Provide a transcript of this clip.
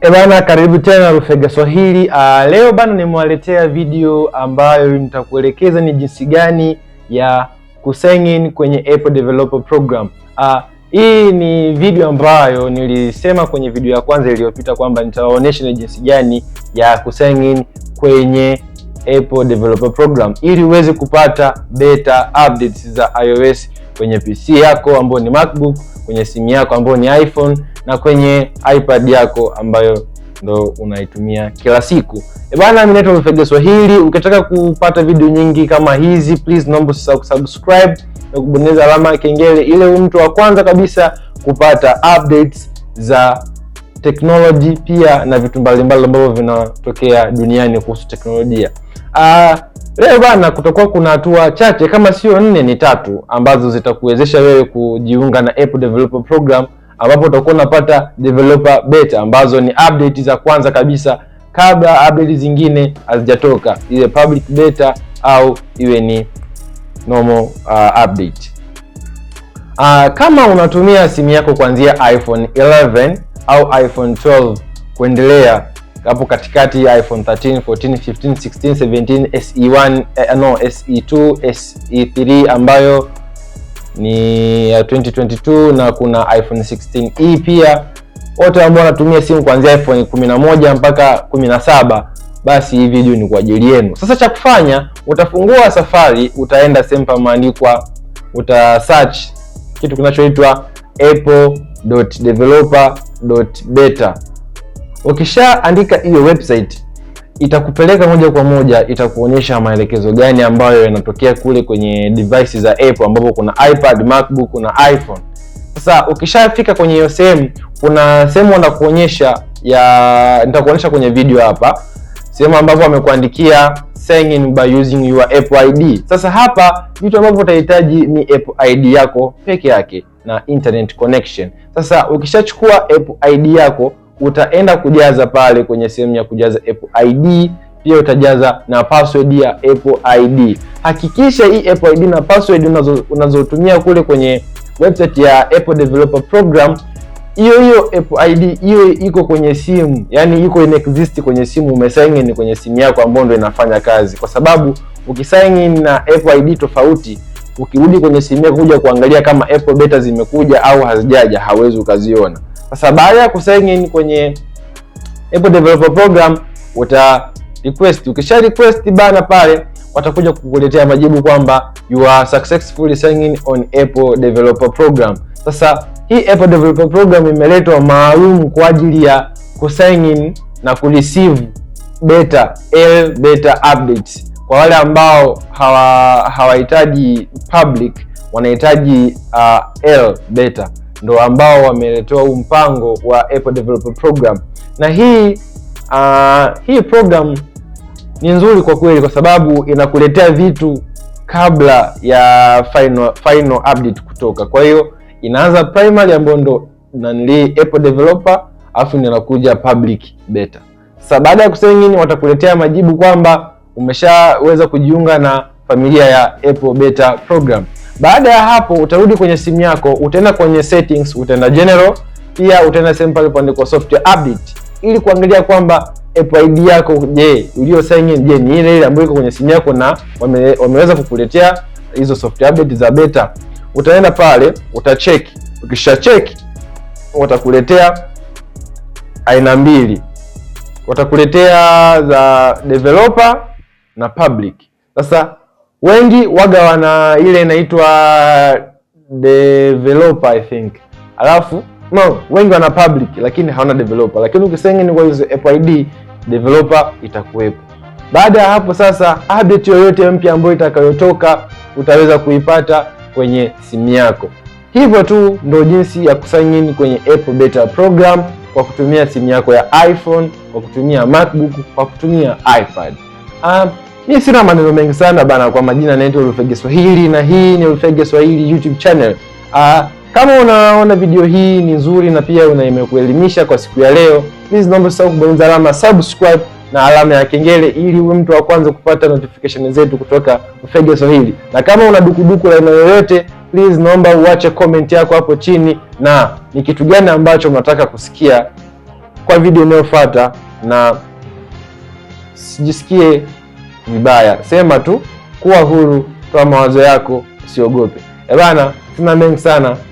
Ebana, eh, karibu tena rufega Swahili. Uh, ah, leo bana nimewaletea video ambayo nitakuelekeza ni jinsi gani ya kusign in kwenye Apple Developer Program. Uh, hii ni video ambayo nilisema kwenye video ya kwanza iliyopita kwamba nitawaonyesha ni jinsi gani ya kusign in kwenye Apple Developer Program ili uweze kupata beta updates za iOS kwenye PC yako ambayo ni MacBook, kwenye simu yako ambayo ni iPhone na kwenye iPad yako ambayo ndo unaitumia kila siku. E bana, mimi naitwa Mfege Swahili. Ukitaka kupata video nyingi kama hizi, please naomba usisahau kusubscribe na kubonyeza alama ya kengele ile mtu wa kwanza kabisa kupata updates za teknoloji pia na vitu mbalimbali ambavyo vinatokea duniani kuhusu teknolojia. Uh, leo bana, kutakuwa kuna hatua chache kama sio nne, ni tatu ambazo zitakuwezesha wewe kujiunga na Apple Developer Program ambapo utakuwa unapata developer beta ambazo ni update za kwanza kabisa kabla update zingine hazijatoka, iwe public beta au iwe ni normal uh, update. Uh, kama unatumia simu yako kuanzia iPhone 11 au iPhone 12 kuendelea hapo katikati ya iPhone 13, 14, 15, 16, 17, SE1, eh, no, SE2, SE3 ambayo ni ya 2022 na kuna iPhone 16e pia. Wote ambao wanatumia simu kuanzia iPhone 11 mpaka 17, basi hii video ni kwa ajili yenu. Sasa cha kufanya, utafungua Safari, utaenda sehemu pameandikwa, uta search kitu kinachoitwa apple.developer.beta. Ukishaandika hiyo website itakupeleka moja kwa moja, itakuonyesha maelekezo gani ambayo yanatokea kule kwenye device za Apple, ambapo kuna iPad, MacBook, na iPhone. Sasa ukishafika kwenye hiyo sehemu, kuna sehemu wanakuonyesha ya, nitakuonyesha kwenye video hapa, sehemu ambapo amekuandikia sign in by using your Apple ID. Sasa hapa vitu ambavyo utahitaji ni Apple ID yako peke yake na internet connection. Sasa ukishachukua Apple ID yako utaenda kujaza pale kwenye sehemu ya kujaza Apple ID, pia utajaza na password ya Apple ID. Hakikisha hii Apple ID na password unazotumia unazo kule kwenye website ya Apple Developer Program hiyo hiyo Apple ID hiyo iko kwenye simu, yani iko in exist kwenye simu, umesign in kwenye simu yako ambayo ndio inafanya kazi, kwa sababu ukisign in na Apple ID tofauti ukirudi kwenye simu yako kuja kuangalia kama Apple beta zimekuja au hazijaja, hawezi ukaziona. Sasa baada ya kusign in kwenye Apple Developer Program uta request. Ukisha request bana pale watakuja kukuletea majibu kwamba you are successfully signed in on Apple Developer Program. Sasa hii Apple Developer Program imeletwa maalum kwa ajili ya kusign in na kureceive beta L beta updates. Kwa wale ambao hawahitaji hawa public, wanahitaji uh, L beta ndo ambao wameletewa huu mpango wa Apple Developer Program, na hii uh, hii program ni nzuri kwa kweli, kwa sababu inakuletea vitu kabla ya final, final update kutoka. Kwa hiyo inaanza primary ambayo ndo nanili Apple developer, alafu ndio inakuja public beta. Sasa baada ya kusema nini, watakuletea majibu kwamba umeshaweza kujiunga na familia ya Apple Beta Program. Baada ya hapo utarudi kwenye simu yako, utaenda kwenye settings, utaenda general, pia utaenda sehemu pale paandikwa software update ili kuangalia kwamba Apple ID yako je, ulio sign in je, ni ile ile ambayo iko kwenye simu yako na wame, wameweza kukuletea hizo software update za beta. Utaenda pale utacheki, ukisha cheki watakuletea aina mbili, watakuletea za developer na public. Sasa wengi waga wana ile inaitwa developer I think, alafu no, wengi wana public lakini hawana developer, lakini ukisengeni kwa hizo APID developer itakuwepo. Baada ya hapo sasa, update yoyote mpya ambayo itakayotoka utaweza kuipata kwenye simu yako. Hivyo tu ndio jinsi ya kusign in kwenye Apple Beta program kwa kutumia simu yako ya iPhone, kwa kutumia MacBook, kwa kutumia iPad. Um, mi sina maneno mengi sana bana, kwa majina naitwa Olufege Swahili na hii ni Olufege Swahili YouTube channel. Uh, kama unaona video hii ni nzuri na pia una imekuelimisha kwa siku ya leo, please naomba usahau kubonyeza alama subscribe na alama ya kengele ili uwe mtu wa kwanza kupata notification zetu kutoka Olufege Swahili. Na kama una dukuduku la aina yoyote, please naomba uache comment yako hapo chini na ni kitu gani ambacho unataka kusikia kwa video inayofuata, na sijisikie vibaya. Sema tu, kuwa huru, toa mawazo yako, usiogope. ebana eh sina mengi sana.